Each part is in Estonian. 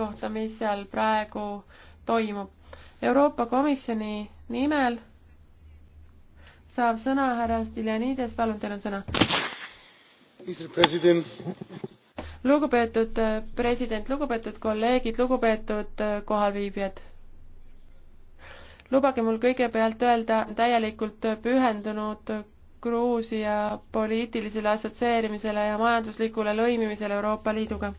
kohta, mis seal praegu toimub. Euroopa Komisjoni nimel saab sõna härra Stiljanides, palun, teil on sõna. lugupeetud äh, president, lugupeetud kolleegid, lugupeetud äh, kohalviibijad. lubage mul kõigepealt öelda täielikult pühendunud Gruusia poliitilisele assotsieerimisele ja majanduslikule lõimimisele Euroopa Liiduga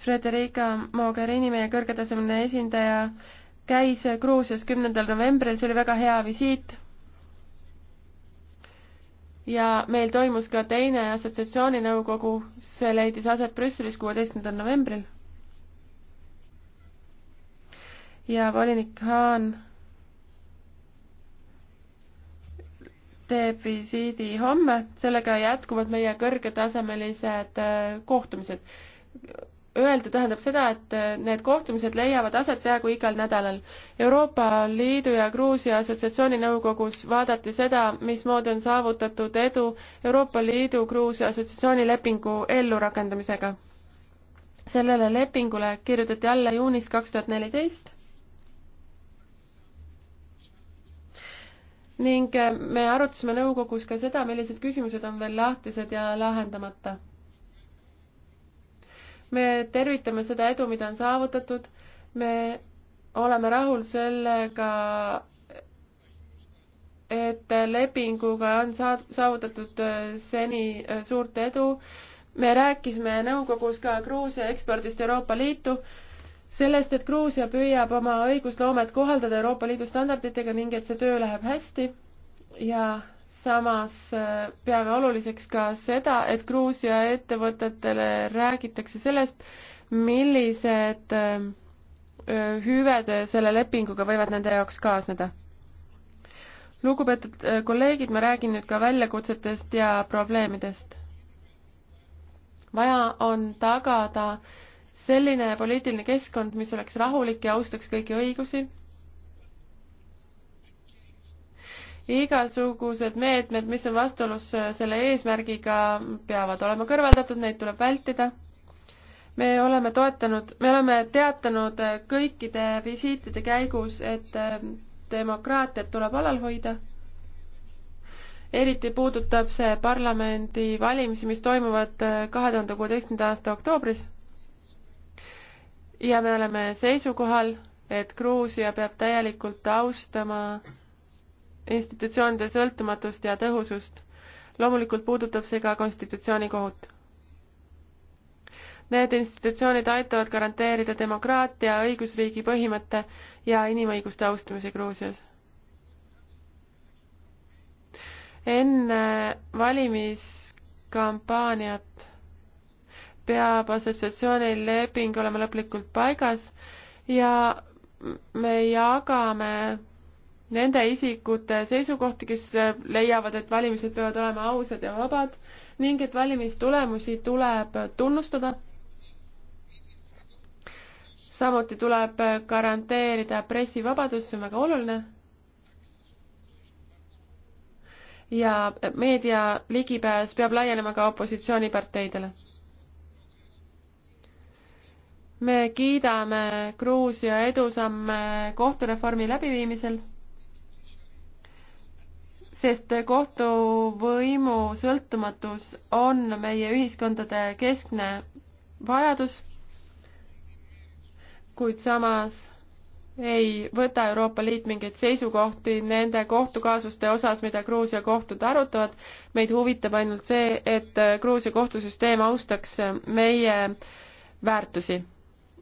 Frederica Mogherini, meie kõrgetasemeline esindaja, käis Gruusias kümnendal novembril, see oli väga hea visiit. ja meil toimus ka teine assotsiatsiooninõukogu, see leidis aset Brüsselis kuueteistkümnendal novembril. ja volinik Haan teeb visiidi homme, sellega jätkuvad meie kõrgetasemelised äh, kohtumised öelda tähendab seda, et äh, need kohtumised leiavad aset peaaegu igal nädalal. Euroopa Liidu ja Gruusia Assotsiatsiooni nõukogus vaadati seda, mismoodi on saavutatud edu Euroopa Liidu Gruusia Assotsiatsiooni lepingu ellurakendamisega. sellele lepingule kirjutati alla juunis kaks tuhat neliteist ning äh, me arutasime nõukogus ka seda, millised küsimused on veel lahtised ja lahendamata me tervitame seda edu, mida on saavutatud, me oleme rahul sellega, et lepinguga on saad-, saavutatud äh, seni äh, suurt edu. me rääkisime nõukogus ka Gruusia ekspordist Euroopa Liitu, sellest, et Gruusia püüab oma õigusloomet kohaldada Euroopa Liidu standarditega ning et see töö läheb hästi ja samas äh, peame oluliseks ka seda, et Gruusia ettevõtetele räägitakse sellest, millised ähm, äh, hüved selle lepinguga võivad nende jaoks kaasneda. lugupeetud äh, kolleegid, ma räägin nüüd ka väljakutsetest ja probleemidest. vaja on tagada selline poliitiline keskkond, mis oleks rahulik ja austaks kõigi õigusi igasugused meetmed, mis on vastuolus äh, selle eesmärgiga, peavad olema kõrvaldatud, neid tuleb vältida. me oleme toetanud, me oleme teatanud äh, kõikide visiitide käigus, et äh, demokraatiat tuleb alal hoida. eriti puudutab see parlamendivalimisi, mis toimuvad kahe tuhande kuueteistkümnenda aasta oktoobris. ja me oleme seisukohal, et Gruusia peab täielikult austama institutsioonide sõltumatust ja tõhusust. loomulikult puudutab see ka konstitutsioonikohut. Need institutsioonid aitavad garanteerida demokraatia, õigusriigi põhimõtte ja inimõiguste austamise Gruusias. enne valimiskampaaniat peab assotsiatsiooni leping olema lõplikult paigas ja me jagame nende isikute seisukohti, kes leiavad, et valimised peavad olema ausad ja vabad ning et valimistulemusi tuleb tunnustada. samuti tuleb garanteerida pressivabadus, see on väga oluline. ja meedia ligipääs peab laienema ka opositsiooniparteidele. me kiidame Gruusia edusamme kohtureformi läbiviimisel sest kohtuvõimu sõltumatus on meie ühiskondade keskne vajadus, kuid samas ei võta Euroopa Liit mingeid seisukohti nende kohtukaasuste osas, mida Gruusia kohtud arutavad. meid huvitab ainult see, et Gruusia kohtusüsteem austaks meie väärtusi.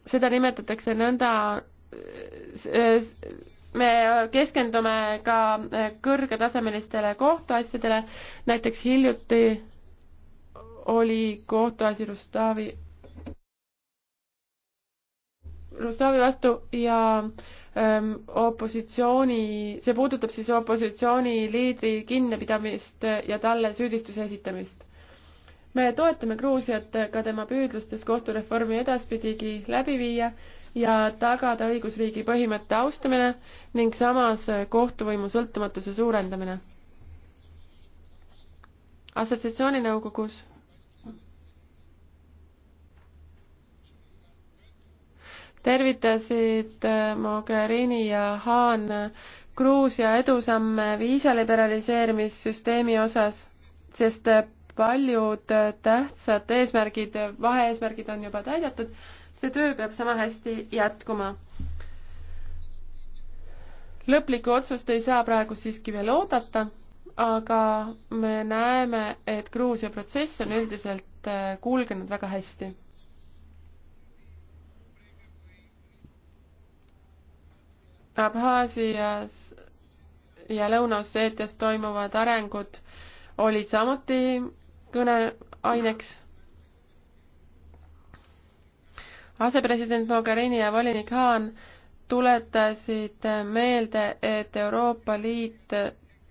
seda nimetatakse nõnda me keskendume ka äh, kõrgetasemelistele kohtuasjadele, näiteks hiljuti oli kohtuasi Rustavi, Rustavi vastu ja ähm, opositsiooni, see puudutab siis opositsiooniliidri kinnipidamist ja talle süüdistuse esitamist. me toetame Gruusiat ka tema püüdlustes kohtureformi edaspidigi läbi viia ja tagada õigusriigi põhimõtte austamine ning samas kohtuvõimu sõltumatuse suurendamine. assotsiatsiooni nõukogus tervitasid äh, Mogherini ja Haan Gruusia edusamme viisa liberaliseerimissüsteemi osas, sest äh, paljud äh, tähtsad eesmärgid, vaheeesmärgid on juba täidetud see töö peab sama hästi jätkuma. lõplikku otsust ei saa praegu siiski veel oodata, aga me näeme, et Gruusia protsess on üldiselt äh, kulgenud väga hästi Abhaasias ja Lõuna-Osseetias toimuvad arengud olid samuti kõneaineks asepresident Mogherini ja volinik Haan tuletasid meelde, et Euroopa Liit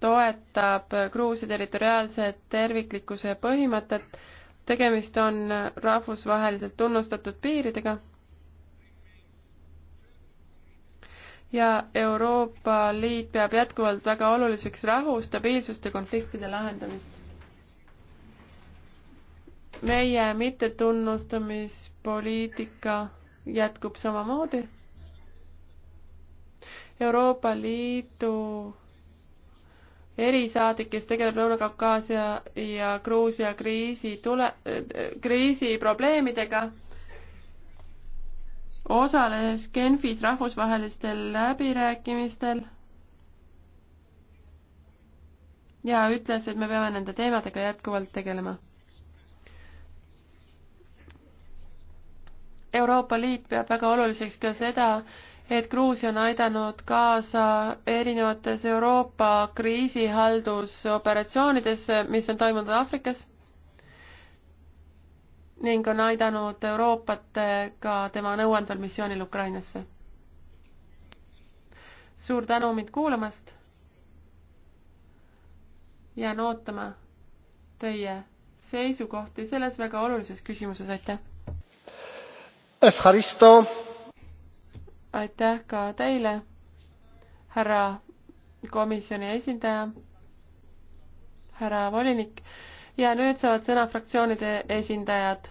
toetab Gruusia territoriaalse terviklikkuse põhimõtet. tegemist on rahvusvaheliselt tunnustatud piiridega. ja Euroopa Liit peab jätkuvalt väga oluliseks rahu, stabiilsust ja konfliktide lahendamist meie mittetunnustamispoliitika jätkub samamoodi. Euroopa Liidu erisaadik, kes tegeleb Lõuna-Kaukaasia ja Gruusia kriisi tule, kriisi probleemidega, osales Genfis rahvusvahelistel läbirääkimistel ja ütles, et me peame nende teemadega jätkuvalt tegelema Euroopa Liit peab väga oluliseks ka seda, et Gruusia on aidanud kaasa erinevates Euroopa kriisihaldusoperatsioonides, mis on toimunud Aafrikas ning on aidanud Euroopat ka tema nõuandval missioonil Ukrainasse. suur tänu mind kuulamast. jään ootama teie seisukohti selles väga olulises küsimuses, aitäh! aitäh ka teile, härra komisjoni esindaja, härra volinik ja nüüd saavad sõna fraktsioonide esindajad.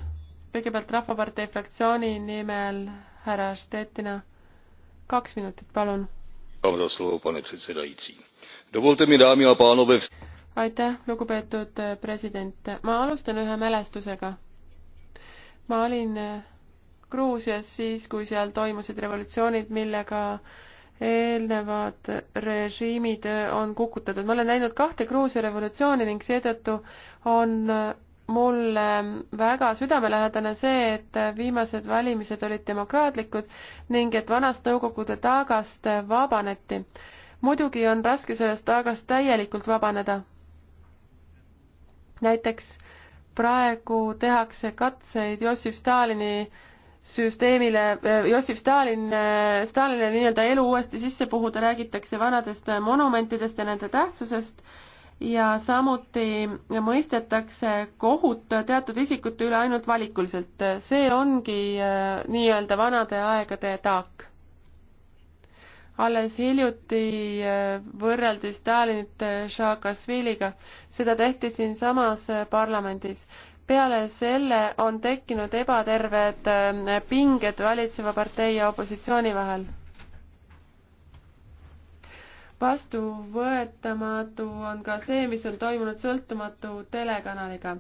kõigepealt Rahvapartei fraktsiooni nimel härra Štetina. kaks minutit, palun. aitäh, lugupeetud president. ma alustan ühe mälestusega. ma olin Gruusias siis, kui seal toimusid revolutsioonid, millega eelnevad režiimid on kukutatud. ma olen näinud kahte Gruusia revolutsiooni ning seetõttu on mulle väga südamelähedane see, et viimased valimised olid demokraatlikud ning et vanast Nõukogude taagast vabaneti. muidugi on raske sellest taagast täielikult vabaneda. näiteks praegu tehakse katseid Jossif Stalini süsteemile, Jossif Stalin, Stalinile nii-öelda elu uuesti sisse puhuda, räägitakse vanadest monumentidest ja nende tähtsusest ja samuti mõistetakse kohut teatud isikute üle ainult valikuliselt. see ongi äh, nii-öelda vanade aegade taak. alles hiljuti äh, võrreldi Stalinit Šaakašviliga, äh, seda tehti siinsamas parlamendis peale selle on tekkinud ebaterved ähm, pinged valitseva partei ja opositsiooni vahel. vastuvõetamatu on ka see, mis on toimunud sõltumatu telekanaliga.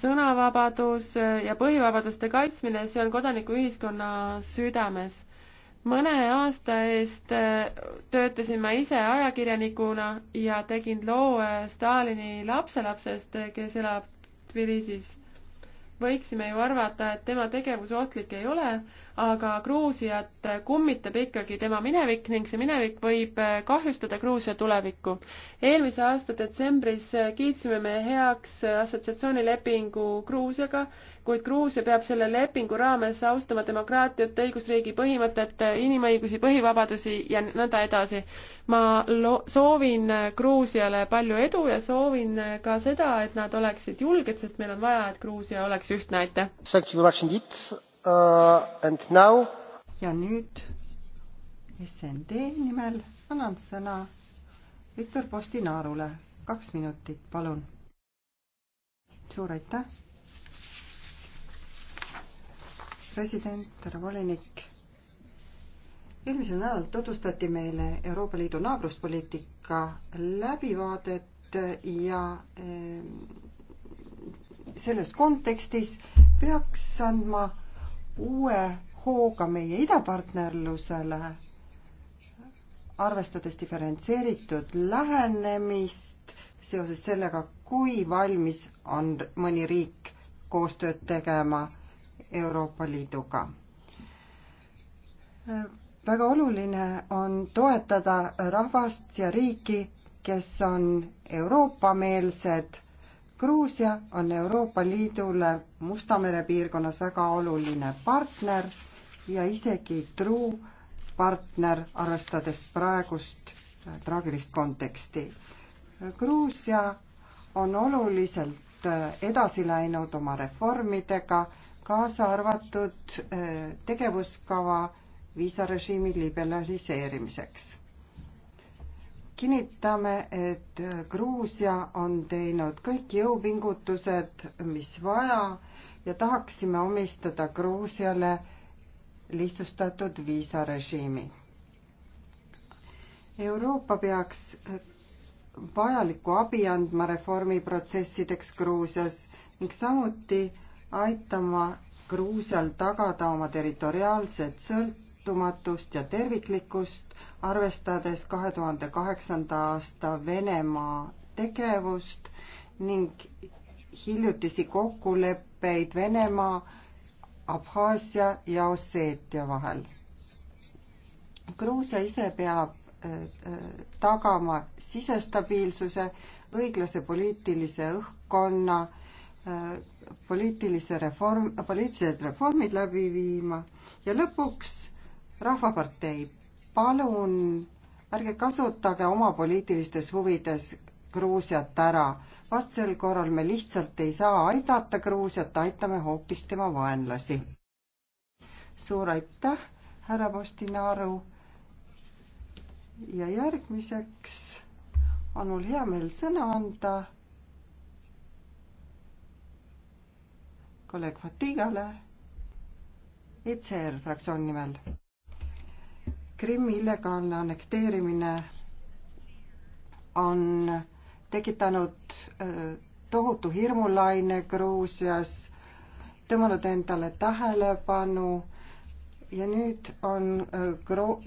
sõnavabadus äh, ja põhivabaduste kaitsmine, see on kodanikuühiskonna südames mõne aasta eest äh, töötasin ma ise ajakirjanikuna ja tegin loo äh, Stalini lapselapsest, kes elab Tbilisis. võiksime ju arvata, et tema tegevus ohtlik ei ole, aga Gruusiat kummitab ikkagi tema minevik ning see minevik võib äh, kahjustada Gruusia tulevikku. eelmise aasta detsembris äh, kiitsime me heaks äh, assotsiatsioonilepingu Gruusiaga, kuid Gruusia peab selle lepingu raames austama demokraatiat, õigusriigi põhimõtet, inimõigusi, põhivabadusi ja nõnda edasi. ma lo-, soovin Gruusiale palju edu ja soovin ka seda, et nad oleksid julged, sest meil on vaja, et Gruusia oleks ühtne, aitäh! uh,. Now... ja nüüd SND nimel annan sõna Viktor Postinaarule. kaks minutit, palun. suur aitäh. president, härra volinik. eelmisel nädalal tutvustati meile Euroopa Liidu naabruspoliitika läbivaadet ja eh, selles kontekstis peaks andma uue hooga meie idapartnerlusele, arvestades diferentseeritud lähenemist seoses sellega, kui valmis on mõni riik koostööd tegema Euroopa Liiduga. väga oluline on toetada rahvast ja riiki, kes on Euroopa-meelsed Gruusia on Euroopa Liidule Musta mere piirkonnas väga oluline partner ja isegi truu partner, arvestades praegust äh, traagilist konteksti. Gruusia on oluliselt äh, edasi läinud oma reformidega, kaasa arvatud äh, tegevuskava viisarežiimi liberaliseerimiseks kinnitame, et Gruusia on teinud kõik jõupingutused, mis vaja ja tahaksime omistada Gruusiale lihtsustatud viisarežiimi. Euroopa peaks vajalikku abi andma reformiprotsessideks Gruusias ning samuti aitama Gruusial tagada oma territoriaalset sõlt-, sõltumatust ja terviklikkust, arvestades kahe tuhande kaheksanda aasta Venemaa tegevust ning hiljutisi kokkuleppeid Venemaa, Abhaasia ja Osseetia vahel. Gruusia ise peab äh, äh, tagama sisestabiilsuse, õiglase poliitilise õhkkonna, äh, poliitilise reform, poliitilised reformid läbi viima ja lõpuks Rahvapartei, palun ärge kasutage oma poliitilistes huvides Gruusiat ära. vastasel korral me lihtsalt ei saa aidata Gruusiat, aitame hoopis tema vaenlasi. suur aitäh, härra Postinaru. ja järgmiseks on mul hea meel sõna anda kolleeg Fatigale ECR fraktsiooni nimel. Krimmi illegaalne annekteerimine on tekitanud äh, tohutu hirmulaine Gruusias, tõmmanud endale tähelepanu ja nüüd on äh,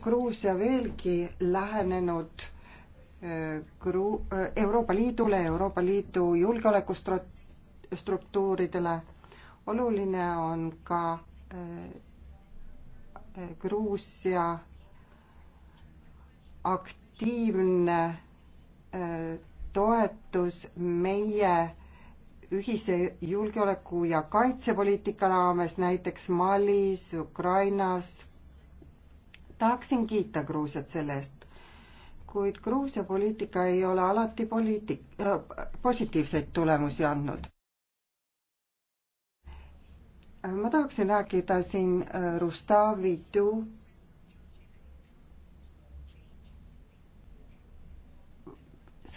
Gruusia veelgi lähenenud äh, Gru-, Euroopa Liidule, Euroopa Liidu julgeolekustruktuuridele. oluline on ka Gruusia aktiivne äh, toetus meie ühise julgeoleku ja kaitsepoliitika raames, näiteks Malis, Ukrainas. tahaksin kiita Gruusiat selle eest, kuid Gruusia poliitika ei ole alati poliitik- äh,, positiivseid tulemusi andnud. Äh, ma tahaksin rääkida siin äh, Rustavi Tuu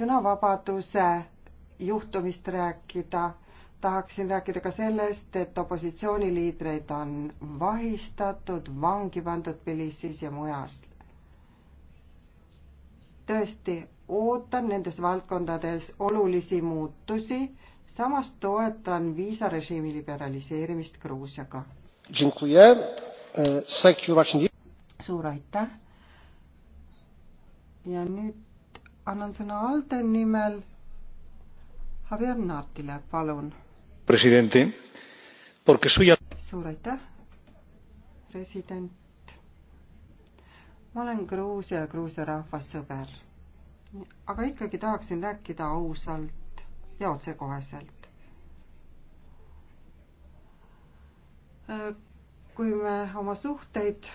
sõnavabaduse juhtumist rääkida, tahaksin rääkida ka sellest, et opositsiooniliidreid on vahistatud, vangi pandud Tbilisis ja mujal. tõesti, ootan nendes valdkondades olulisi muutusi, samas toetan viisarežiimi liberaliseerimist Gruusiaga. E, suur aitäh. ja nüüd annan sõna ALDE nimel Javier Nardile, palun. presidenti, porque suya. suur aitäh, president. ma olen Gruusia ja Gruusia rahvassõber. aga ikkagi tahaksin rääkida ausalt ja otsekoheselt. kui me oma suhteid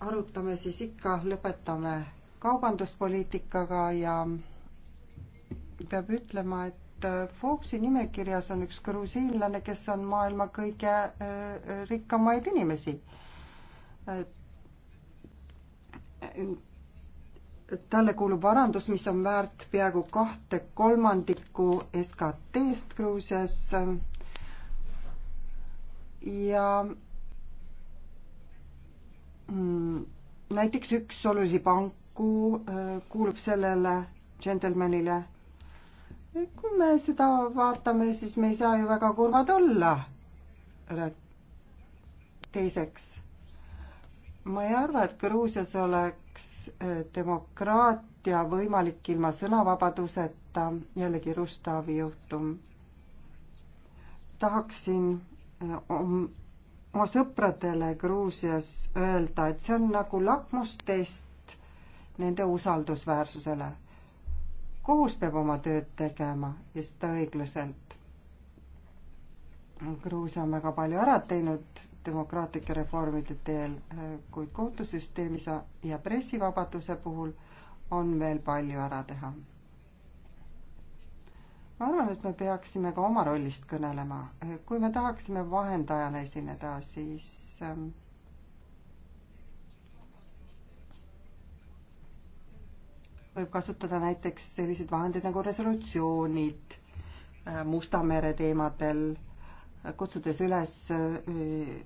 arutame, siis ikka lõpetame kaubanduspoliitikaga ja peab ütlema, et äh, Forbesi nimekirjas on üks grusiinlane, kes on maailma kõige äh, rikkamaid inimesi. Äh, talle kuulub varandus, mis on väärt peaaegu kahte kolmandikku SKT-st Gruusias ja mm, näiteks üks olulisi pank ku-, äh, kuulub sellele džentelmenile. kui me seda vaatame, siis me ei saa ju väga kurvad olla. teiseks, ma ei arva, et Gruusias oleks äh, demokraatia võimalik ilma sõnavabaduseta, jällegi Rustavi juhtum. tahaksin äh, oma sõpradele Gruusias öelda, et see on nagu lakmustest nende usaldusväärsusele. kohus peab oma tööd tegema ja seda õiglaselt. Gruusia on väga palju ära teinud demokraatlike reformide teel, kuid kohtusüsteemis ja pressivabaduse puhul on veel palju ära teha. ma arvan, et me peaksime ka oma rollist kõnelema. kui me tahaksime vahendajana esineda, siis ähm, võib kasutada näiteks selliseid vahendeid nagu resolutsioonid äh, Musta mere teemadel, kutsudes üles äh,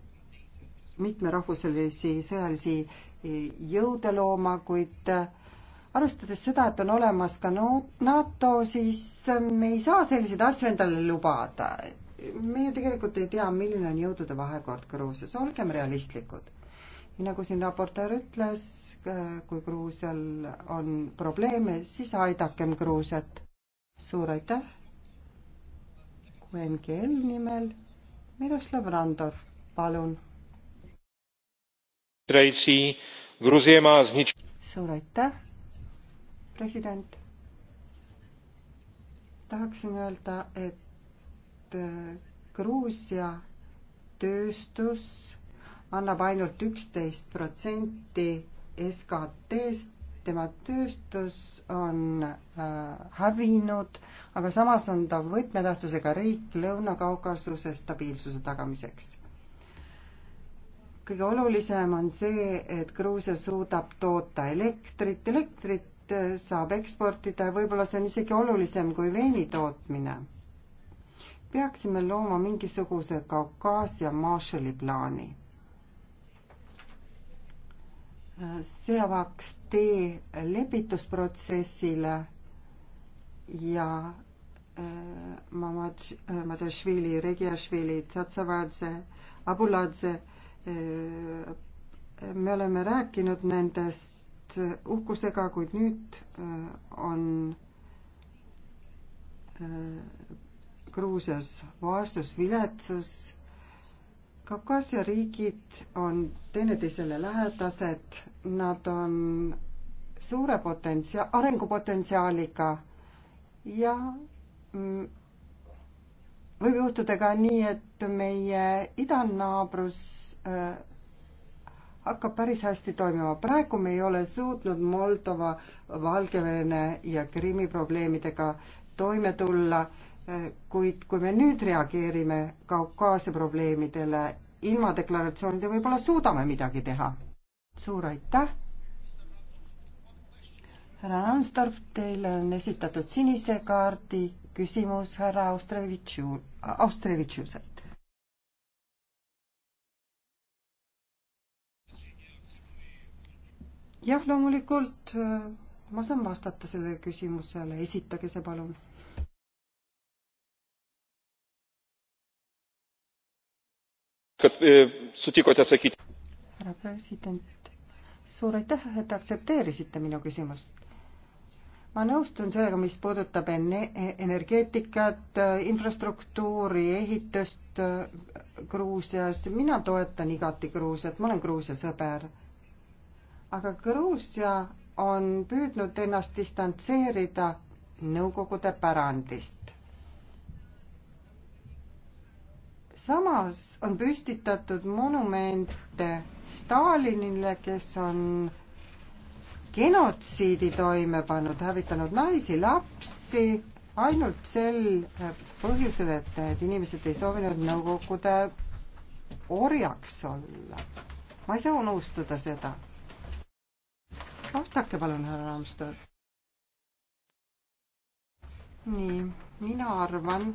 mitmerahvuselisi sõjalisi äh, jõude looma, kuid arvestades seda, et on olemas ka NATO, siis me ei saa selliseid asju endale lubada. me ju tegelikult ei tea, milline on jõudude vahekord Gruusias, olgem realistlikud. nii nagu siin raportöör ütles, kui Gruusial on probleeme, siis aidakem Gruusiat. suur aitäh. QNGL nimel Miroslav Randov, palun. suur aitäh, president. tahaksin öelda, et äh, Gruusia tööstus annab ainult üksteist protsenti SKT-st, tema tööstus on äh, hävinud, aga samas on ta võtmetähtsusega riik Lõuna-Kaukasuse stabiilsuse tagamiseks. kõige olulisem on see, et Gruusia suudab toota elektrit, elektrit äh, saab eksportida ja võib-olla see on isegi olulisem kui veini tootmine. peaksime looma mingisuguse Kaukaasia Marshalli plaani see avaks tee lepitusprotsessile ja äh, Mamad äh, Madashvili, Regiashvili, Tsatsavadze, Abuladze, äh, me oleme rääkinud nendest uhkusega, kuid nüüd on Gruusias vaesus, viletsus Kaukaasia riigid on teineteisele lähedased, nad on suure potentsia-, arengupotentsiaaliga ja mm, võib juhtuda ka nii, et meie idanaabrus äh, hakkab päris hästi toimima. praegu me ei ole suutnud Moldova, Valgevene ja Krimmi probleemidega toime tulla kuid kui me nüüd reageerime Kaukaasia probleemidele ilma deklaratsioonide, võib-olla suudame midagi teha. suur aitäh! härra Ransdorf, teile on esitatud sinise kaardi küsimus härra Austrevitšu, Austrevitšuselt. jah, loomulikult ma saan vastata sellele küsimusele, esitage see palun kad e, sutikote atsakyti. härra president, suur aitäh, et aktsepteerisite minu küsimust. ma nõustun sellega, mis puudutab energeetikat, infrastruktuuri, ehitust äh, Gruusias. mina toetan igati Gruusiat, ma olen Gruusia sõber. aga Gruusia on püüdnud ennast distantseerida Nõukogude pärandist samas on püstitatud monumente Stalinile, kes on genotsiidi toime pannud, hävitanud naisi, lapsi, ainult sel põhjusel, et need inimesed ei soovinud Nõukogude orjaks olla. ma ei saa unustada seda. vastake palun, härra Ramstor. nii, mina arvan,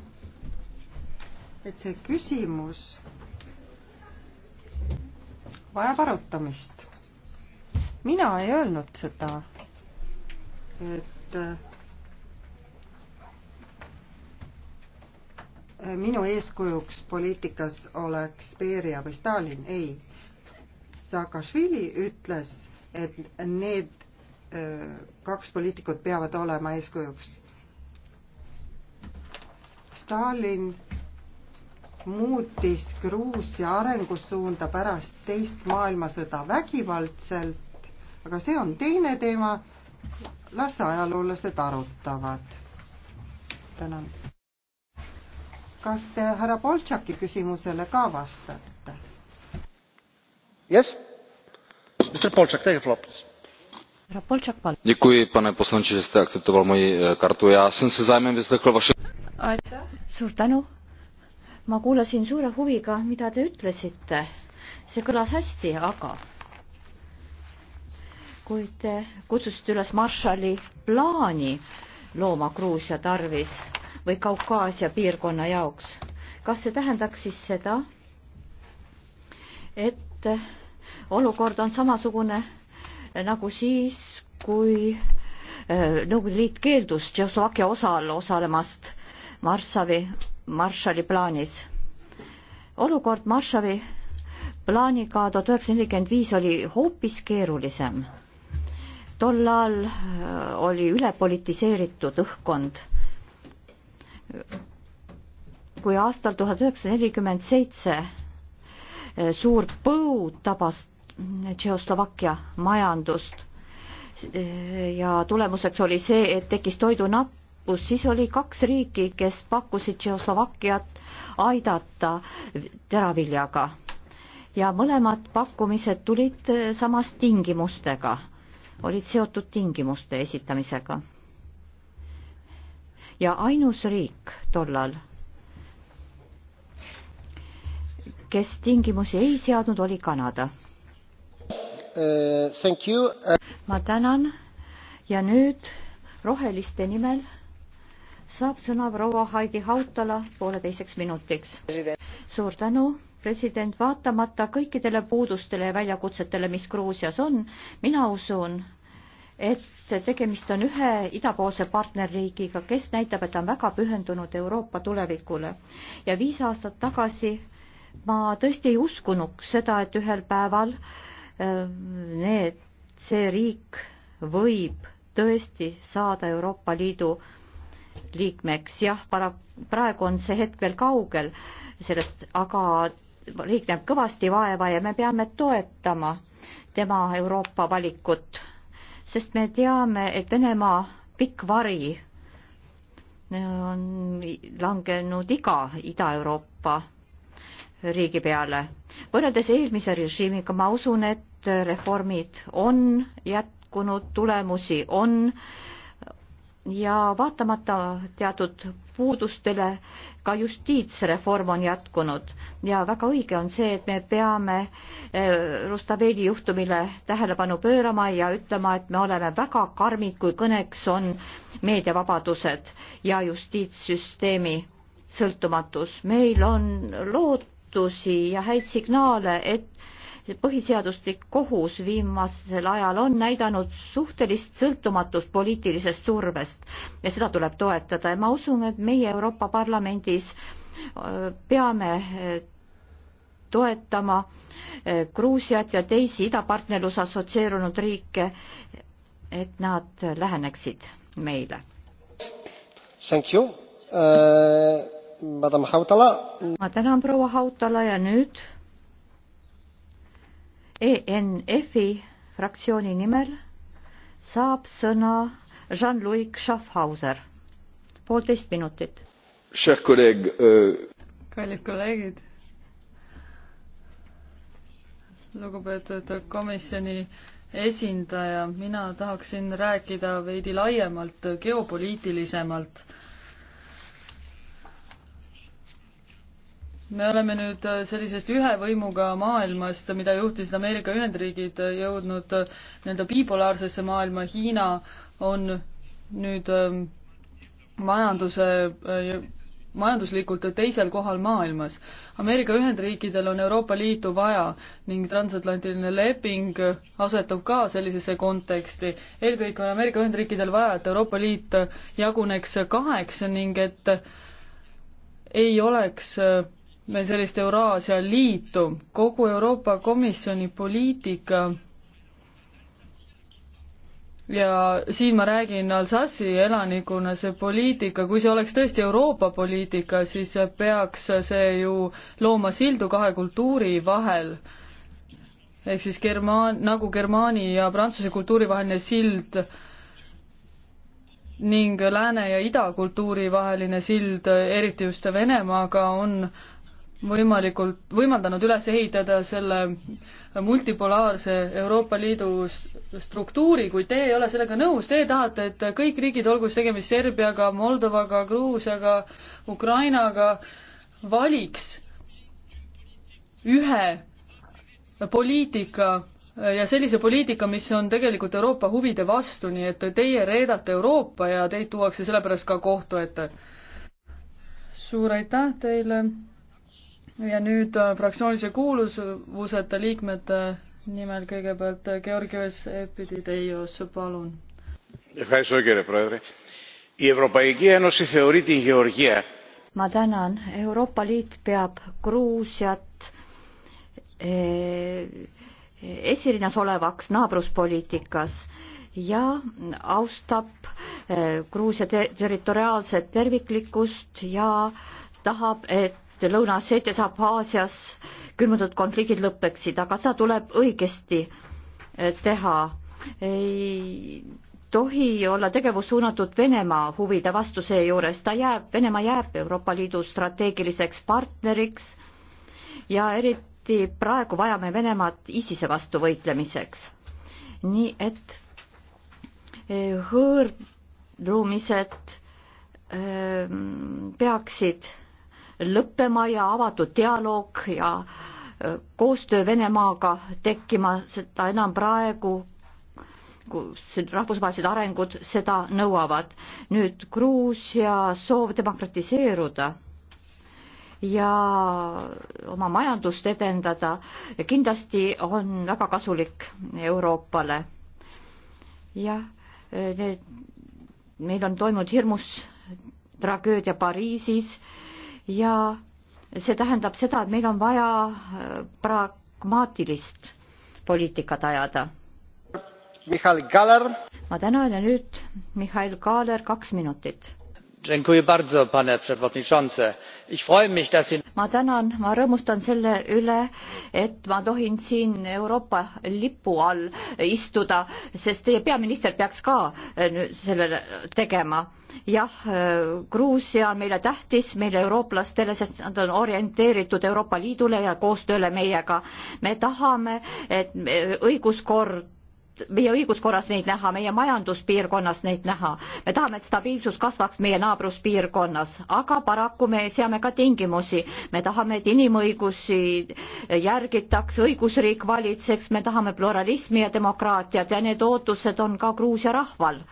et see küsimus vajab arutamist. mina ei öelnud seda, et äh, minu eeskujuks poliitikas oleks Beria või Stalin, ei. Saakašvili ütles, et need äh, kaks poliitikut peavad olema eeskujuks. Stalin muutis Gruusia arengusuunda pärast teist maailmasõda vägivaldselt, aga see on teine teema, las ajaloolased arutavad. tänan. kas te härra Boltšaki küsimusele ka vastate? Děkuji, pane poslanče, že jste akceptoval moji eh, kartu. Já jsem se zájmem vyslechl vaše... Aitäh. Suur tänu ma kuulasin suure huviga, mida te ütlesite. see kõlas hästi, aga kui te kutsusite üles Marshalli plaani looma Gruusia tarvis või Kaukaasia piirkonna jaoks, kas see tähendaks siis seda, et olukord on samasugune nagu siis, kui äh, Nõukogude Liit keeldus Tšehhoslovakkia osal osalemast Varssavi Marshalli plaanis. olukord Marshalli plaaniga tuhat üheksasada nelikümmend viis oli hoopis keerulisem. tol ajal äh, oli ülepolitiseeritud õhkkond. kui aastal tuhat üheksasada nelikümmend seitse äh, suur põud tabas Tšehhoslovakkia majandust äh, ja tulemuseks oli see, et tekkis toidunapp, lõpus, siis oli kaks riiki, kes pakkusid Tšehhoslovakkiat aidata teraviljaga ja mõlemad pakkumised tulid eh, samas tingimustega, olid seotud tingimuste esitamisega. ja ainus riik tollal, kes tingimusi ei seadnud, oli Kanada uh,. ma tänan ja nüüd roheliste nimel saab sõna proua Heidi Hautala pooleteiseks minutiks. suur tänu, president, vaatamata kõikidele puudustele ja väljakutsetele, mis Gruusias on, mina usun, et tegemist on ühe idapoolse partnerriigiga, kes näitab, et ta on väga pühendunud Euroopa tulevikule. ja viis aastat tagasi ma tõesti ei uskunud seda, et ühel päeval äh, need, see riik võib tõesti saada Euroopa Liidu liikmeks, jah, para-, praegu on see hetk veel kaugel sellest, aga riik näeb kõvasti vaeva ja me peame toetama tema Euroopa valikut, sest me teame, et Venemaa pikk vari on langenud iga Ida-Euroopa riigi peale. võrreldes eelmise režiimiga ma usun, et reformid on jätkunud, tulemusi on äh, ja vaatamata teatud puudustele ka justiitsreform on jätkunud ja väga õige on see, et me peame eh, Rustaveli juhtumile tähelepanu pöörama ja ütlema, et me oleme väga karmid, kui kõneks on meediavabadused ja justiitssüsteemi sõltumatus. meil on lootusi ja häid signaale, et põhiseaduslik kohus viimasel ajal on näidanud suhtelist sõltumatust poliitilisest survest ja seda tuleb toetada ja ma usun, et meie Euroopa Parlamendis äh, peame äh, toetama äh, Gruusiat ja teisi idapartnerluse assotsieerunud riike, et nad läheneksid meile. Thank you uh,, madam Hautala. ma tänan, proua Hautala ja nüüd ENF-i fraktsiooni nimel saab sõna Jean-Louis Schaffhauser. poolteist minutit. Euh, kallid kolleegid, lugupeetud komisjoni esindaja, mina tahaksin rääkida veidi laiemalt, geopoliitilisemalt me oleme nüüd äh, sellisest ühe võimuga maailmast, mida juhtisid Ameerika Ühendriigid, äh, jõudnud äh, nii-öelda bipolaarsesse maailma, Hiina on nüüd ähm, majanduse, majanduslikult teisel kohal maailmas. Ameerika Ühendriikidel on Euroopa Liitu vaja ning transatlantiline leping asetub ka sellisesse konteksti. eelkõige on Ameerika Ühendriikidel vaja, et Euroopa Liit jaguneks kaheks ning et ei oleks äh, meil sellist Euraasia liitu, kogu Euroopa Komisjoni poliitika ja siin ma räägin Alsassi elanikuna, see poliitika, kui see oleks tõesti Euroopa poliitika, siis peaks see ju looma sildu kahe kultuuri vahel. ehk siis germaan-, nagu germaani ja prantsuse kultuuri vaheline sild ning lääne ja ida kultuuri vaheline sild, eriti just Venemaaga, on äh, võimalikult, võimaldanud üles ehitada selle multipolaarse Euroopa Liidu struktuuri, kuid teie ei ole sellega nõus, teie tahate, et kõik riigid, olgu siis tegemist Serbiaga, Moldovaga, Gruusiaga, Ukrainaga, valiks ühe poliitika ja sellise poliitika, mis on tegelikult Euroopa huvide vastu, nii et teie reedate Euroopa ja teid tuuakse sellepärast ka kohtu ette. suur aitäh teile! ja nüüd äh, fraktsioonilise kuuluvuseta liikmete nimel kõigepealt äh, Georgios Epidideios, palun. ma tänan, Euroopa Liit peab Gruusiat äh, esirinnas olevaks naabruspoliitikas ja austab Gruusia territoriaalset terviklikkust ja tahab, et Lõuna-Osseetias, Abhaasias külmutatud konfliktid lõpeksid, aga seda tuleb õigesti eh, teha. ei tohi olla tegevus suunatud Venemaa huvide vastuse juures, ta jääb, Venemaa jääb Euroopa Liidu strateegiliseks partneriks ja eriti praegu vajame Venemaad ISISe vastu võitlemiseks. nii et eh, hõõrdumised eh, peaksid lõppema ja avatud dialoog ja äh, koostöö Venemaaga tekkima, seda enam praegu, kus rahvusvahelised arengud seda nõuavad. nüüd Gruusia soov demokratiseeruda ja oma majandust edendada kindlasti on väga kasulik Euroopale. jah, äh, need, meil on toimunud hirmus tragöödia Pariisis ja see tähendab seda, et meil on vaja äh, pragmaatilist poliitikat ajada. Mihhail Kaler. ma tänan ja nüüd Mihhail Kaler, kaks minutit ma tänan ma rõõmustan selle üle et ma tohin siin euroopa lipu all istuda sest teie peaminister peaks ka äh, sellele tegema jah äh, gruusia on meile tähtis meile eurooplastele sest nad on orienteeritud euroopa liidule ja koostööle meiega me tahame et õiguskord meie õiguskorras neid näha, meie majanduspiirkonnas neid näha. me tahame, et stabiilsus kasvaks meie naabruspiirkonnas, aga paraku me seame ka tingimusi. me tahame, et inimõigusi järgitaks, õigusriik valitseks, me tahame pluralismi ja demokraatiat ja need ootused on ka Gruusia rahval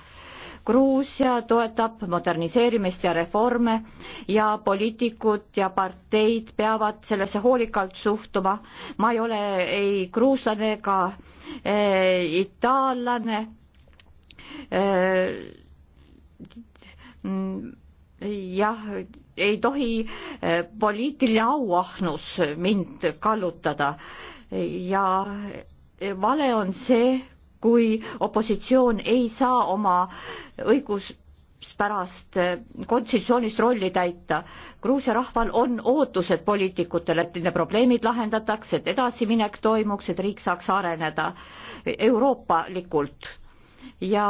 Gruusia toetab moderniseerimist ja reforme ja poliitikud ja parteid peavad sellesse hoolikalt suhtuma. ma ei ole ei gruuslane ega e, itaallane e, jah, ei tohi eh, poliitiline auahnus mind kallutada ja vale on see, kui opositsioon ei saa oma õiguspärast konstitutsioonist rolli täita. Gruusia rahval on ootused poliitikutele, et nende probleemid lahendatakse, et edasiminek toimuks, et riik saaks areneda euroopalikult ja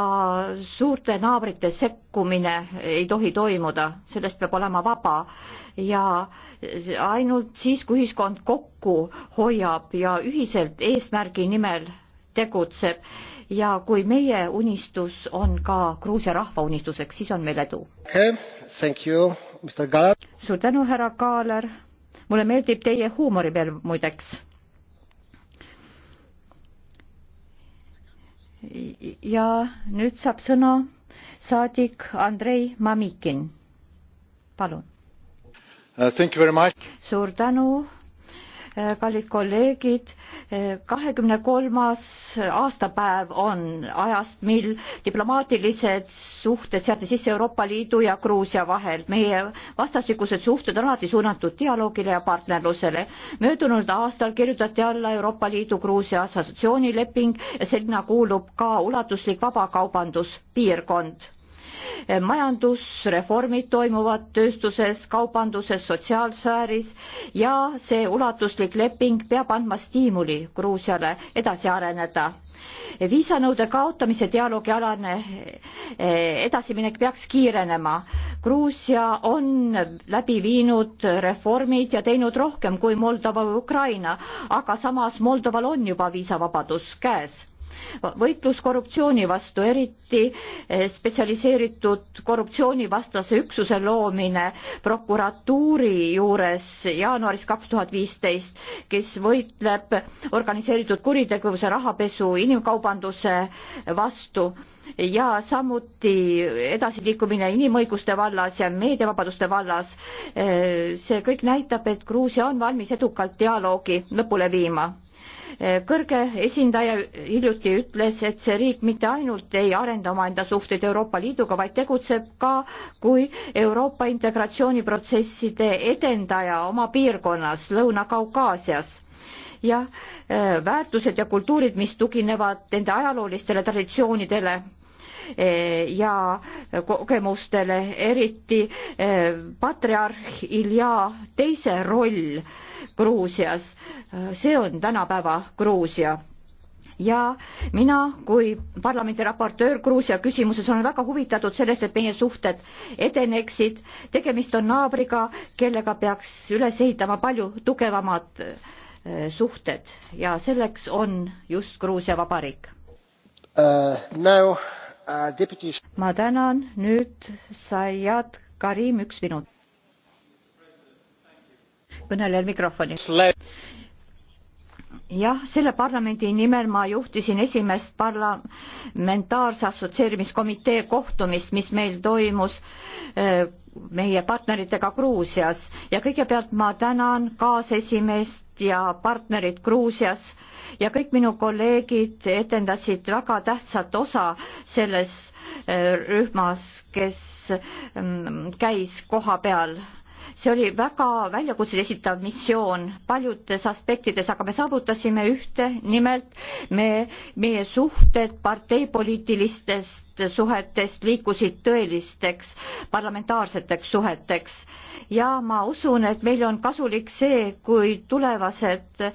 suurte naabrite sekkumine ei tohi toimuda, sellest peab olema vaba ja ainult siis, kui ühiskond kokku hoiab ja ühiselt eesmärgi nimel tegutseb ja kui meie unistus on ka Gruusia rahva unistuseks, siis on meil edu okay,. suur tänu, härra Kaaler. mulle meeldib teie huumori peal muideks. ja nüüd saab sõna saadik Andrei Mamikin. palun uh,. suur tänu Eh, kallid kolleegid, eh, kahekümne kolmas aastapäev on ajast, mil diplomaatilised suhted seati sisse Euroopa Liidu ja Gruusia vahel. meie vastastikused suhted on alati suunatud dialoogile ja partnerlusele. möödunud aastal kirjutati alla Euroopa Liidu Gruusia assotsiatsioonileping ja sinna kuulub ka ulatuslik vabakaubanduspiirkond majandusreformid toimuvad tööstuses, kaubanduses, sotsiaalsfääris ja see ulatuslik leping peab andma stiimuli Gruusiale edasi areneda. viisanõude kaotamise dialoogi alane eh, edasiminek peaks kiirenema. Gruusia on läbi viinud reformid ja teinud rohkem kui Moldova või Ukraina, aga samas Moldoval on juba viisavabadus käes võitlus korruptsiooni vastu, eriti eh, spetsialiseeritud korruptsioonivastase üksuse loomine prokuratuuri juures jaanuaris kaks tuhat viisteist, kes võitleb organiseeritud kuritegevuse, rahapesu, inimkaubanduse vastu ja samuti edasiliikumine inimõiguste vallas ja meediavabaduste vallas. Eh, see kõik näitab, et Gruusia on valmis edukalt dialoogi lõpule viima kõrge esindaja hiljuti ütles, et see riik mitte ainult ei arenda omaenda suhteid Euroopa Liiduga, vaid tegutseb ka kui Euroopa integratsiooniprotsesside edendaja oma piirkonnas Lõuna-Kaukaasias ja äh, väärtused ja kultuurid, mis tuginevad nende ajaloolistele traditsioonidele äh, ja kogemustele, eriti äh, patriarh Ilja teise roll Gruusias. see on tänapäeva Gruusia ja mina kui parlamendi raportöör Gruusia küsimuses olen väga huvitatud sellest, et meie suhted edeneksid. tegemist on naabriga, kellega peaks üles ehitama palju tugevamad eh, suhted ja selleks on just Gruusia Vabariik uh,. Uh, deputy... ma tänan, nüüd sai jätkata Karim, üks minut kõnelejal mikrofoni. jah, selle parlamendi nimel ma juhtisin esimest parlamentaarse assotsieerimiskomitee kohtumist, mis meil toimus äh, meie partneritega Gruusias ja kõigepealt ma tänan kaasesimeest ja partnerit Gruusias ja kõik minu kolleegid etendasid väga tähtsat osa selles äh, rühmas, kes mm, käis koha peal see oli väga väljakutseid esitav missioon paljudes aspektides, aga me saavutasime ühte, nimelt me, meie suhted parteipoliitilistest suhetest liikusid tõelisteks parlamentaarseteks suheteks ja ma usun, et meil on kasulik see, kui tulevased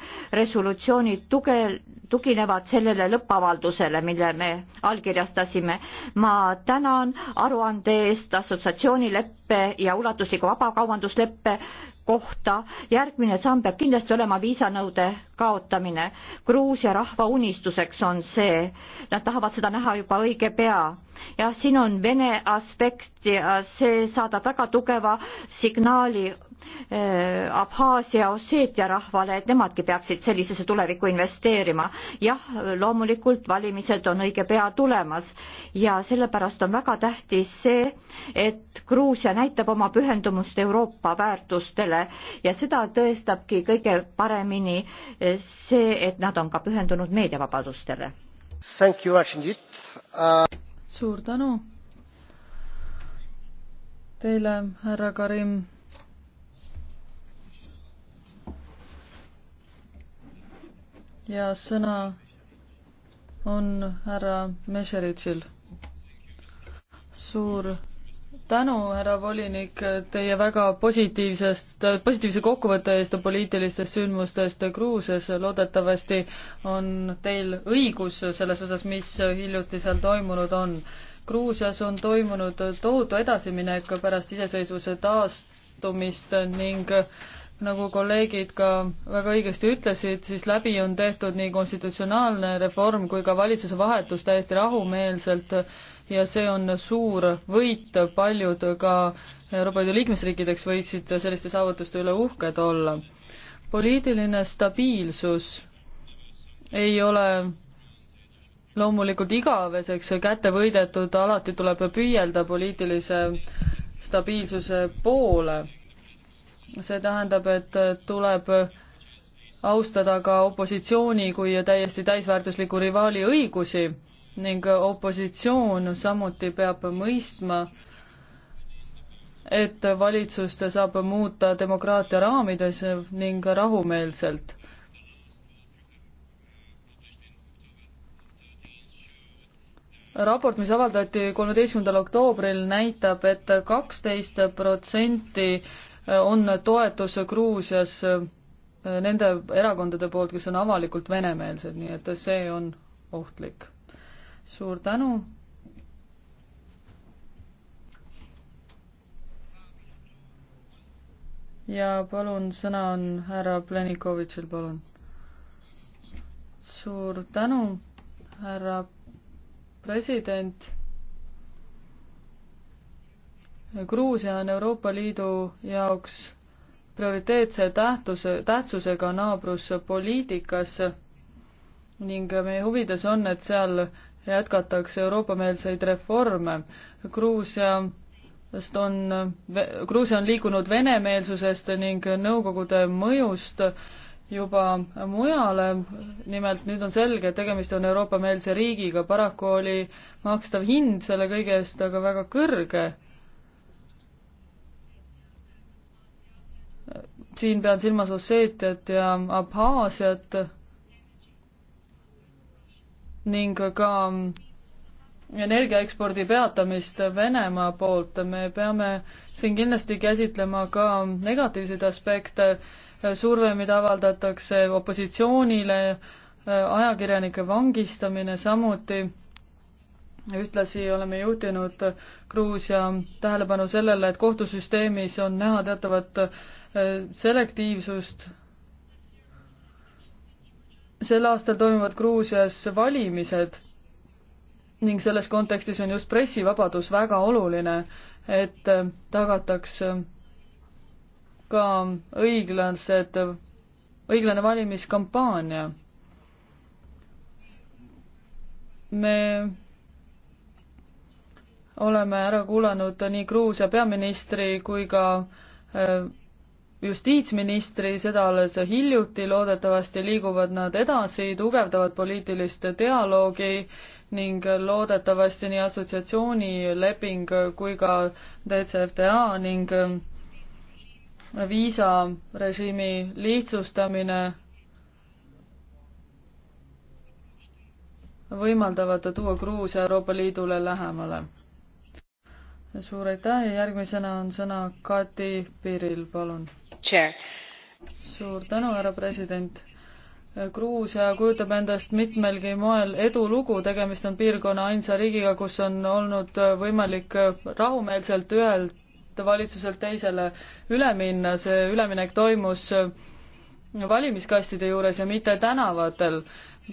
resolutsioonid tugev, tuginevad sellele lõppavaldusele, mille me allkirjastasime. ma tänan aruande eest assotsiatsioonileppe ja ulatusliku vabakaubandusleppe kohta. järgmine samm peab kindlasti olema viisanõude kaotamine. Gruusia rahva unistuseks on see, nad tahavad seda näha juba õige pea. jah, siin on Vene aspekt ja see saadab väga tugeva signaali Äh, Abhaasia, Osseetia rahvale, et nemadki peaksid sellisesse tulevikku investeerima. jah, loomulikult valimised on õige pea tulemas ja sellepärast on väga tähtis see, et Gruusia näitab oma pühendumust Euroopa väärtustele ja seda tõestabki kõige paremini äh, see, et nad on ka pühendunud meediavabadustele. Uh... suur tänu teile, härra Karim ja sõna on härra Mešeritšil. suur tänu, härra volinik, teie väga positiivsest, positiivse kokkuvõtte eest poliitilistest sündmustest Gruusias. loodetavasti on teil õigus selles osas, mis hiljuti seal toimunud on. Gruusias on toimunud tohutu edasiminek pärast iseseisvuse taastumist ning nagu kolleegid ka väga õigesti ütlesid, siis läbi on tehtud nii konstitutsionaalne reform kui ka valitsuse vahetus täiesti rahumeelselt ja see on suur võit, paljud ka Euroopa Liidu liikmesriikideks võiksid selliste saavutuste üle uhked olla. poliitiline stabiilsus ei ole loomulikult igaveseks kätte võidetud, alati tuleb püüelda poliitilise stabiilsuse poole see tähendab, et tuleb austada ka opositsiooni kui täiesti täisväärtusliku rivaali õigusi ning opositsioon samuti peab mõistma, et valitsust saab muuta demokraatia raamides ning rahumeelselt. raport, mis avaldati kolmeteistkümnendal oktoobril, näitab et, et kaksteist protsenti on toetus Gruusias äh, nende erakondade poolt, kes on avalikult venemeelsed, nii et see on ohtlik. suur tänu. ja palun, sõna on härra Plenikovitšil, palun. suur tänu, härra president Gruusia on Euroopa Liidu jaoks prioriteetse tähtuse, tähtsusega naabruspoliitikas ning meie huvides on, et seal jätkatakse Euroopa-meelseid reforme. Gruusiast on, Gruusia on liikunud venemeelsusest ning Nõukogude mõjust juba mujale, nimelt nüüd on selge, et tegemist on Euroopa-meelse riigiga, paraku oli makstav hind selle kõige eest aga väga kõrge siin pean silmas Osseetiat ja Abhaasiat ning ka mm, energiaekspordi peatamist Venemaa poolt, me peame siin kindlasti käsitlema ka negatiivseid aspekte, surve, mida avaldatakse opositsioonile, ajakirjanike vangistamine samuti, ühtlasi oleme juhtinud Gruusia tähelepanu sellele, et kohtusüsteemis on näha teatavat selektiivsust. sel aastal toimuvad Gruusias valimised ning selles kontekstis on just pressivabadus väga oluline, et tagataks ka õiglased, õiglane valimiskampaania. me oleme ära kuulanud nii Gruusia peaministri kui ka äh, justiitsministri, seda alles hiljuti, loodetavasti liiguvad nad edasi, tugevdavad poliitilist dialoogi ning loodetavasti nii assotsiatsioonileping kui ka DCFTA ning viisarežiimi lihtsustamine võimaldavad tuua Gruusia Euroopa Liidule lähemale. suur aitäh ja järgmisena on sõna Kati Piril, palun suur tänu, härra president. Gruusia kujutab endast mitmelgi moel edulugu, tegemist on piirkonna ainsa riigiga, kus on olnud võimalik rahumeelselt ühelt valitsuselt teisele üle minna, see üleminek toimus valimiskastide juures ja mitte tänavatel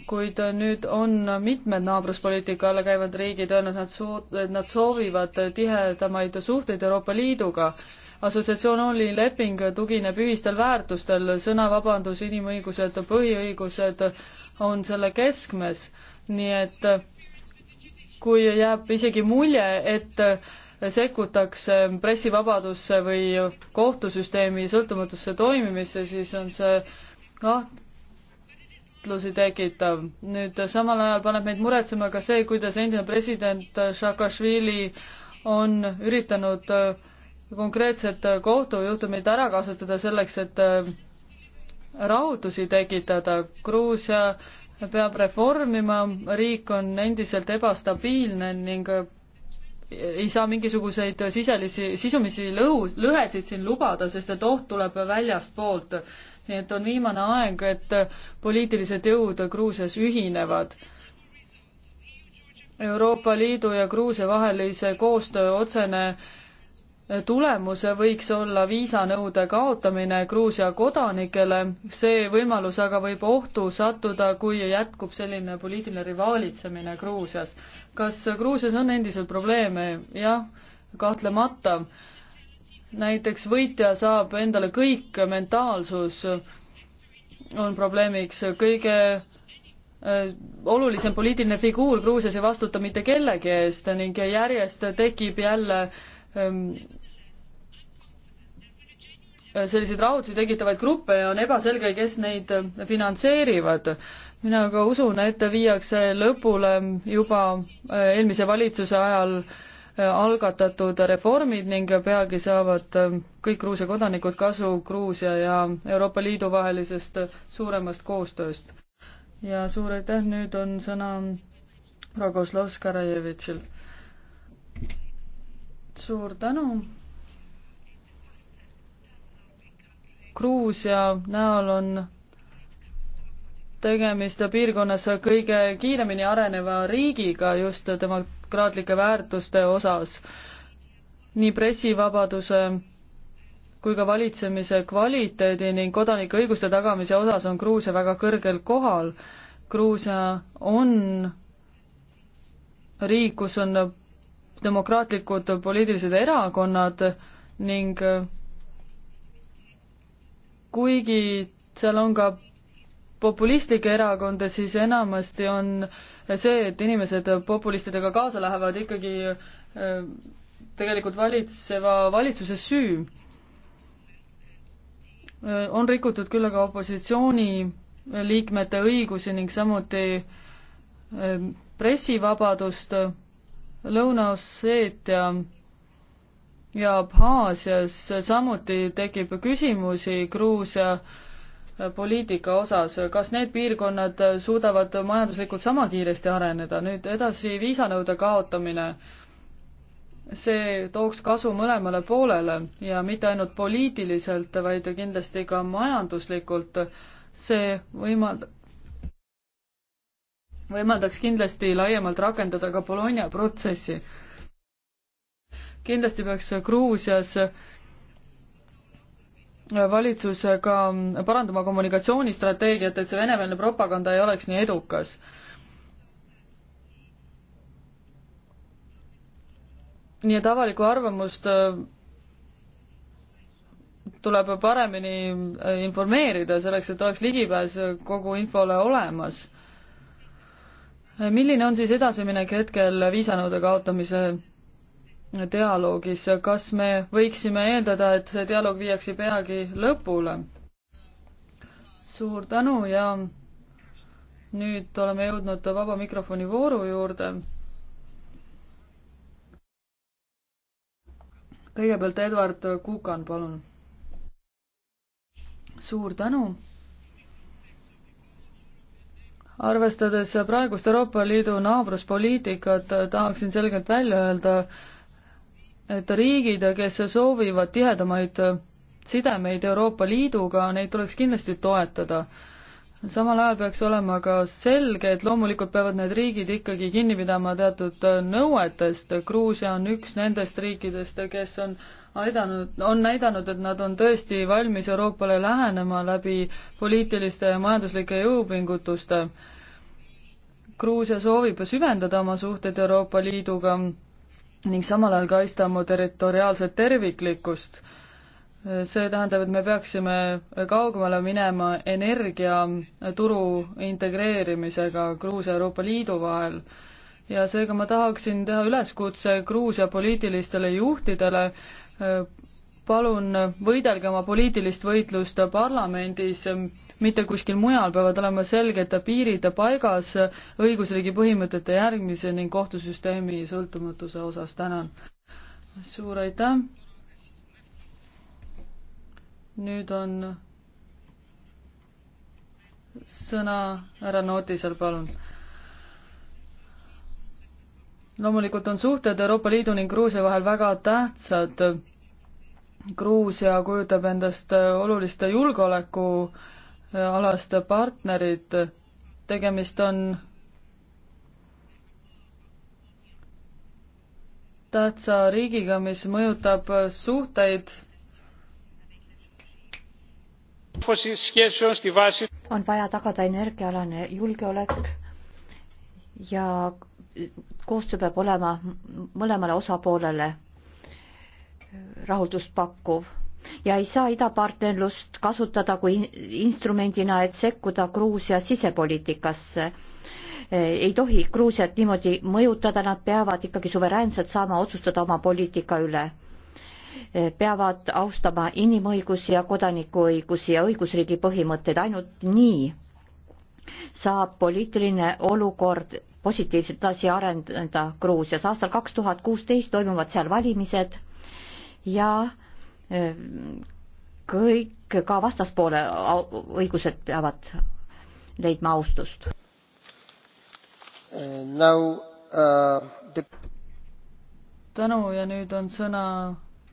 kuid nüüd on mitmed naabruspoliitika alla käivad riigid öelnud, nad soo-, nad soovivad tihedamaid suhteid Euroopa Liiduga assotsiatsiooni leping tugineb ühistel väärtustel, sõnavabadus, inimõigused, põhiõigused on selle keskmes, nii et kui jääb isegi mulje, et sekkutakse pressivabadusse või kohtusüsteemi sõltumatusse toimimisse, siis on see kahtlusi tekitav. nüüd samal ajal paneb meid muretsema ka see, kuidas endine president Saakašvili on üritanud äh, konkreetset äh, kohtujuhtumit ära kasutada selleks, et äh, rahutusi tekitada. Gruusia peab reformima, riik on endiselt ebastabiilne ning äh, ei saa mingisuguseid siselisi, sisumisi lõhu, lõhesid siin lubada, sest et oht tuleb väljastpoolt. nii et on viimane aeg, et poliitilised jõud Gruusias ühinevad Euroopa Liidu ja Gruusia vahelise koostöö otsene tulemus võiks olla viisanõude kaotamine Gruusia kodanikele, see võimalus aga võib ohtu sattuda, kui jätkub selline poliitiline rivaalitsemine Gruusias. kas Gruusias on endiselt probleeme? jah, kahtlemata. näiteks võitja saab endale kõik, mentaalsus on probleemiks, kõige äh, olulisem poliitiline figuur Gruusias ei vastuta mitte kellegi eest ning järjest tekib jälle äh, Ehm, selliseid rahutusi tekitavaid gruppe ja on ebaselge, kes neid ehm, finantseerivad. mina ka usun, et viiakse lõpule ehm, juba eelmise valitsuse ajal algatatud reformid ning peagi saavad kõik Gruusia kodanikud kasu Gruusia ja Euroopa Liidu vahelisest suuremast koostööst. ja suur aitäh, nüüd on sõna Rogoslavskajevitšil suur tänu. Gruusia näol on tegemist piirkonnas kõige kiiremini areneva riigiga just demokraatlike väärtuste osas. nii pressivabaduse kui ka valitsemise kvaliteedi ning kodanike õiguste tagamise osas on Gruusia väga kõrgel kohal. Gruusia on riik, kus on demokraatlikud poliitilised erakonnad ning kuigi seal on ka populistlikke erakonda, siis enamasti on see, et inimesed populistidega kaasa lähevad ikkagi tegelikult valitseva valitsuse süü. on rikutud küll aga opositsiooniliikmete õigusi ning samuti eh, pressivabadust Lõuna-Osseetia ja Abhaasias samuti tekib küsimusi Gruusia poliitika osas, kas need piirkonnad suudavad majanduslikult sama kiiresti areneda, nüüd edasi viisanõude kaotamine, see tooks kasu mõlemale poolele ja mitte ainult poliitiliselt, vaid kindlasti ka majanduslikult, see võimald-, võimaldaks kindlasti laiemalt rakendada ka Bologna protsessi. kindlasti peaks Gruusias valitsus ka parandama kommunikatsioonistrateegiat, et see venemeelne propaganda ei oleks nii edukas. nii et avalikku arvamust äh, tuleb paremini äh, informeerida, selleks et oleks ligipääs kogu infole olemas milline on siis edasiminek hetkel viisanõude kaotamise dialoogis, kas me võiksime eeldada, et see dialoog viiakse peagi lõpule? suur tänu ja nüüd oleme jõudnud vaba mikrofoni vooru juurde. kõigepealt Eduard Kukan, palun. suur tänu arvestades praegust Euroopa Liidu naabruspoliitikat, tahaksin selgelt välja öelda, et riigid, kes soovivad tihedamaid sidemeid Euroopa Liiduga, neid tuleks kindlasti toetada samal ajal peaks olema ka selge, et loomulikult peavad need riigid ikkagi kinni pidama teatud äh, nõuetest, Gruusia on üks nendest riikidest, kes on aidanud, on näidanud, et nad on tõesti valmis Euroopale lähenema läbi poliitiliste ja majanduslike jõupingutuste. Gruusia soovib süvendada oma suhteid Euroopa Liiduga ning samal ajal kaitsta oma territoriaalset terviklikkust see tähendab, et me peaksime kaugemale minema energiaturu integreerimisega Gruusia ja Euroopa Liidu vahel. ja seega ma tahaksin teha üleskutse Gruusia poliitilistele juhtidele, palun võidelge oma poliitilist võitlust parlamendis, mitte kuskil mujal, peavad olema selged piirid paigas õigusriigi põhimõtete järgimise ning kohtusüsteemi sõltumatuse osas, tänan. suur aitäh! nüüd on sõna härra Nootisel, palun. loomulikult on suhted Euroopa Liidu ning Gruusia vahel väga tähtsad. Gruusia kujutab endast olulist julgeolekualast partnerit. tegemist on tähtsa riigiga, mis mõjutab suhteid on vaja tagada energiaalane julgeolek ja koostöö peab olema mõlemale osapoolele rahuldust pakkuv ja ei saa idapartnerlust kasutada kui instrumendina, et sekkuda Gruusia sisepoliitikasse. ei tohi Gruusiat niimoodi mõjutada, nad peavad ikkagi suveräänselt saama otsustada oma poliitika üle peavad austama inimõigusi ja kodanikuõigusi ja õigusriigi põhimõtteid, ainult nii saab poliitiline olukord positiivselt edasi arendada Gruusias. aastal kaks tuhat kuusteist toimuvad seal valimised ja e, kõik, ka vastaspoole õigused peavad leidma austust. Now uh, the... tänu ja nüüd on sõna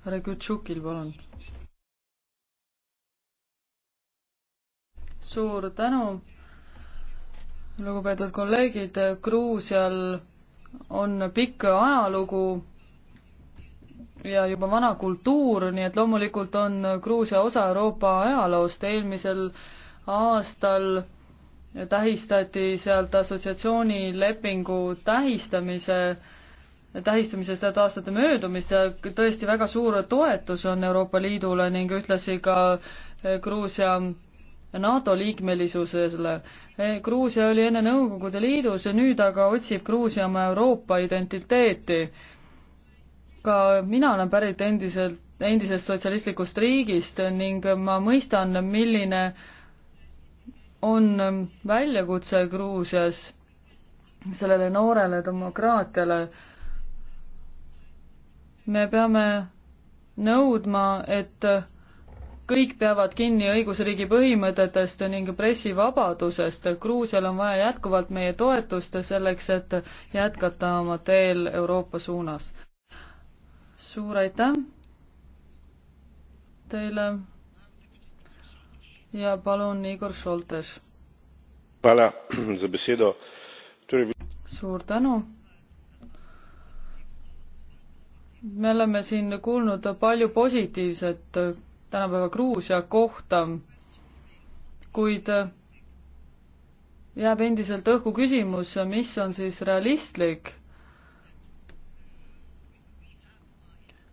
härra Kutšukil, palun. suur tänu, lugupeetud kolleegid, Gruusial on pikk ajalugu ja juba vana kultuur, nii et loomulikult on Gruusia osa Euroopa ajaloost, eelmisel aastal tähistati sealt assotsiatsioonilepingu tähistamise tähistame sada aastate möödumist ja tõesti väga suur toetus on Euroopa Liidule ning ühtlasi ka eh, Gruusia NATO liikmelisusele. Eh, Gruusia oli enne Nõukogude Liidus ja nüüd aga otsib Gruusia oma Euroopa identiteeti. ka mina olen pärit endiselt, endisest sotsialistlikust riigist ning ma mõistan, milline on väljakutse Gruusias sellele noorele demokraatiale me peame nõudma, et kõik peavad kinni õigusriigi põhimõtetest ning pressivabadusest. Gruusial on vaja jätkuvalt meie toetust selleks, et jätkata oma teel Euroopa suunas. suur aitäh teile ja palun Igor Šoltes. suur tänu me oleme siin kuulnud palju positiivset tänapäeva Gruusia kohta, kuid jääb endiselt õhku küsimus, mis on siis realistlik.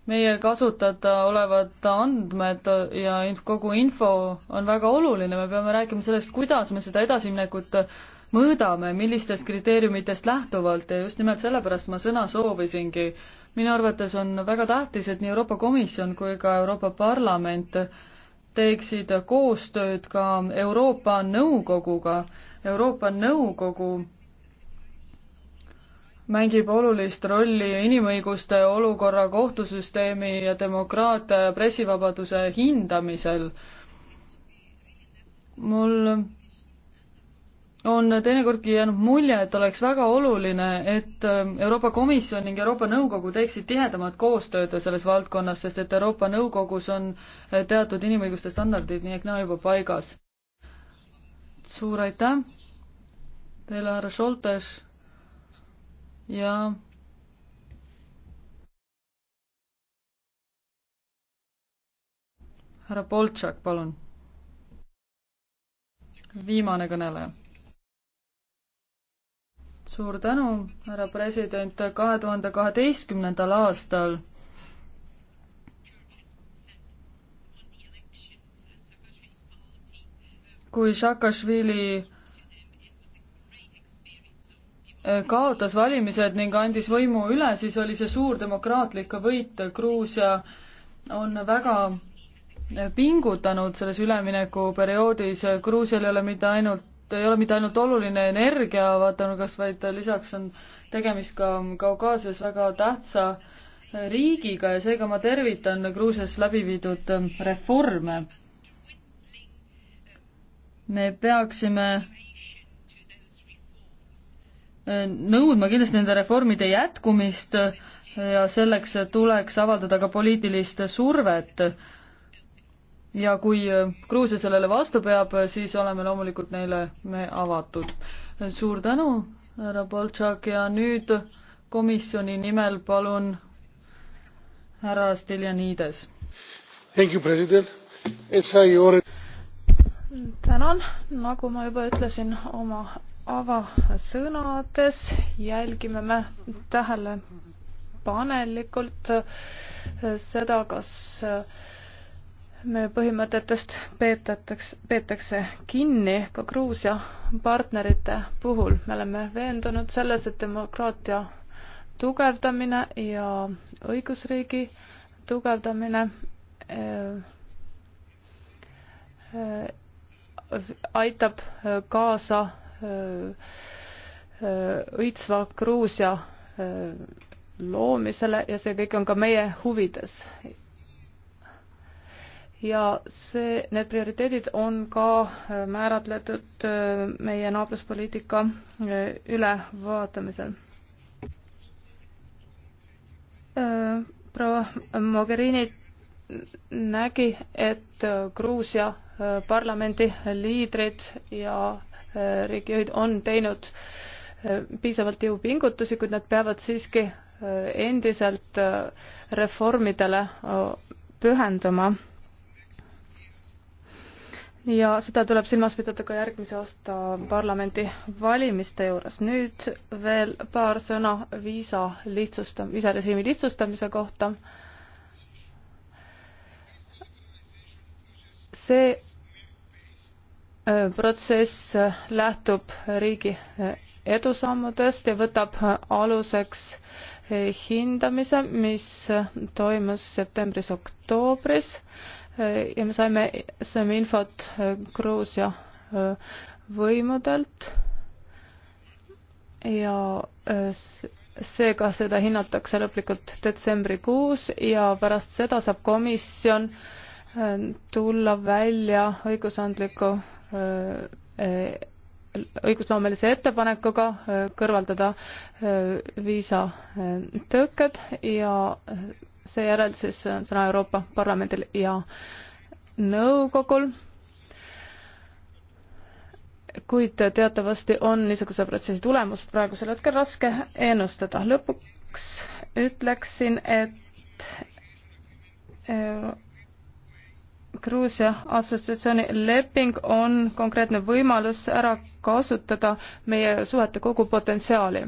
meie kasutada olevad andmed ja kogu info on väga oluline, me peame rääkima sellest, kuidas me seda edasiminekut mõõdame, millistest kriteeriumitest lähtuvalt ja just nimelt sellepärast ma sõna soovisingi äh, minu arvates on väga tähtis, et nii Euroopa Komisjon kui ka Euroopa Parlament teeksid koostööd ka Euroopa Nõukoguga. Euroopa Nõukogu mängib olulist rolli inimõiguste olukorra, kohtusüsteemi ja demokraatia ja pressivabaduse hindamisel. mul on teinekordki jäänud mulje, et oleks väga oluline, et ähm, Euroopa Komisjon ning Euroopa Nõukogu teeksid tihedamat koostööd selles valdkonnas, sest et Euroopa Nõukogus on äh, teatud inimõiguste standardid nii ehk naa juba paigas. suur aitäh teile, härra Šoltes ja härra Boltšak, palun. viimane kõneleja suur tänu, härra president, kahe tuhande kaheteistkümnendal aastal kui Saakašvili eh, kaotas valimised ning andis võimu üle, siis oli see suur demokraatlik võit. Gruusia on väga eh, pingutanud selles üleminekuperioodis. Gruusial ei ole mitte ainult ei ole mitte ainult oluline energiavaatenurgas, vaid lisaks on tegemist ka Kaukaasias väga tähtsa riigiga ja seega ma tervitan Gruusias läbi viidud reforme. me peaksime nõudma kindlasti nende reformide jätkumist ja selleks tuleks avaldada ka poliitilist survet ja kui äh, Gruusia sellele vastu peab, äh, siis oleme loomulikult neile me avatud. suur tänu, härra Boltšak ja nüüd komisjoni nimel palun härra Stiljanides. tänan, nagu ma juba ütlesin oma avasõnades, jälgime me tähelepanelikult seda, kas äh, me põhimõtetest peetatakse, peetakse kinni ka Gruusia partnerite puhul. me oleme veendunud selles, et demokraatia tugevdamine ja õigusriigi tugevdamine äh, äh, aitab kaasa äh, õitsva Gruusia loomisele ja see kõik on ka meie huvides ja see, need prioriteedid on ka äh, määratletud äh, meie naabruspoliitika äh, ülevaatamisel. proua Mogherini nägi, et Gruusia parlamendi liidrid ja riigijuhid on teinud piisavalt jõupingutusi, kuid nad peavad siiski endiselt reformidele pühenduma ja seda tuleb silmas pidada ka järgmise aasta parlamendi valimiste juures. nüüd veel paar sõna viisa lihtsustam-, viisarežiimi lihtsustamise kohta. see äh, protsess lähtub riigi äh, edusammudest ja võtab äh, aluseks hindamise, mis toimus septembris-oktoobris ja me saime, saime infot äh, Gruusia äh, võimudelt ja äh, seega seda hinnatakse lõplikult detsembrikuus ja pärast seda saab komisjon tulla välja õigusandliku e-, õigusloomelise ettepanekuga kõrvaldada viisatõkked ja seejärel siis on sõna Euroopa Parlamendil ja nõukogul. kuid teatavasti on niisuguse protsessi tulemust praegusel hetkel raske ennustada. lõpuks ütleksin, et äh, Gruusia assotsiatsiooni leping on konkreetne võimalus ära kasutada meie suhete kogu potentsiaali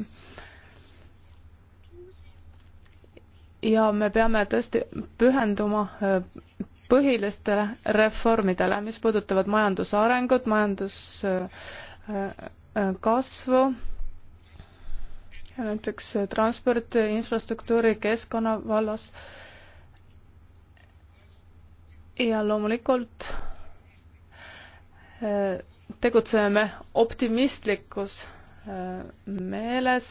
ja me peame tõesti pühenduma äh, põhilistele reformidele, mis puudutavad majanduse arengut, majanduskasvu, näiteks transporti, infrastruktuuri, keskkonna vallas. ja loomulikult äh, tegutseme optimistlikus äh, meeles,